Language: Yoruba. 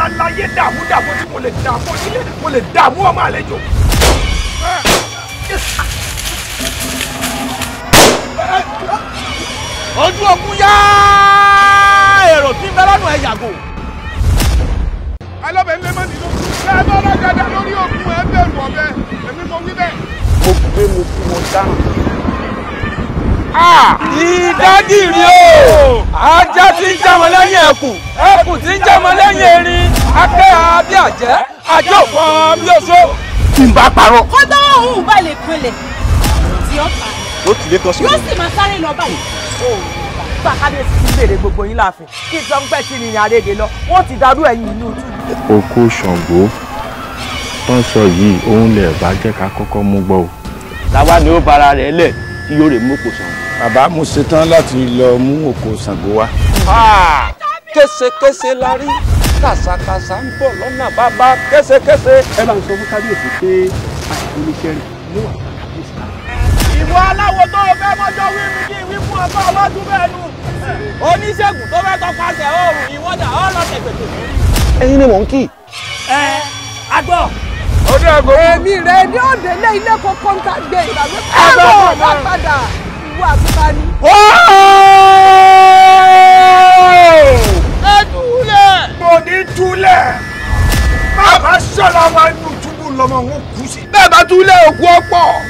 bá láyé dààmú dààmú tí mo lè dààmú onílé mo lè dààmú ọmọ àlejò. ojú ogun yá èrò tí ń bẹ lọ́nà ẹ̀ yàgò. alọ́bẹ̀ ń lé mọ́ nínú ẹ bá lórí òkun ẹ bẹ̀rù ọ̀bẹ èmi mo wí bẹ́ẹ̀. mo gbé mo kú mo dáhùn. ìdádìrí o ajá tí ń jámọ lẹ́yìn ẹkùn ẹkùn tí ń jámọ lẹ́yìn erin àjọ kan mi ò so. tí n bá parọ́. kó tó òun bá lè pinlẹ̀ tí ó pa. yóò sì máa sáré lọ báyìí. bá kábíyèsí ti béèrè gbogbo yín láàfin kí n sọ ni ìrìn àrèdè lọ wọn ti darú ẹ̀yìn inú ojú. oko ṣàngó tó ń sọ yìí òun lè bá jẹ́ ká kọ́kọ́ mú gbọ́ o. làwa ni ó bara rẹ̀ lẹ̀ tí yóò rè mú oko ṣàngó. bàbá mo ṣetán láti lọ mú oko ṣàngó wá. késekése la rí kàṣàkàṣà ń bọ̀ lọ́nà bàbá kẹ́sẹkẹ́sẹ. ẹ bá ń sọ fún kábíyèsí pé àìkú ní kẹrin ló wà fún kábíyèsí náà. ìwọ aláwo tó o fẹ́ mọ́jọ́ wí mi kí ìwí fún ọgbà ọlọ́dún bẹ́ẹ̀ nu oníṣègùn tó fẹ́ tọpasẹ̀ oòrùn ìwọ́dà ọlọ́sẹ̀ pẹ̀tẹ̀. ẹyin ni mò ń kì í. ẹ agbọ́ ọdẹ àgọ. èmi rẹ ni ó délé ilé kọkọ ń gbé ìgbàgbé. ní túlẹ̀ bàbá sọ̀rọ̀ wa nù túbú lọ́mọ wọn kù sí. bẹ́ẹ̀ bá túlẹ̀ òkú ọ̀pọ̀.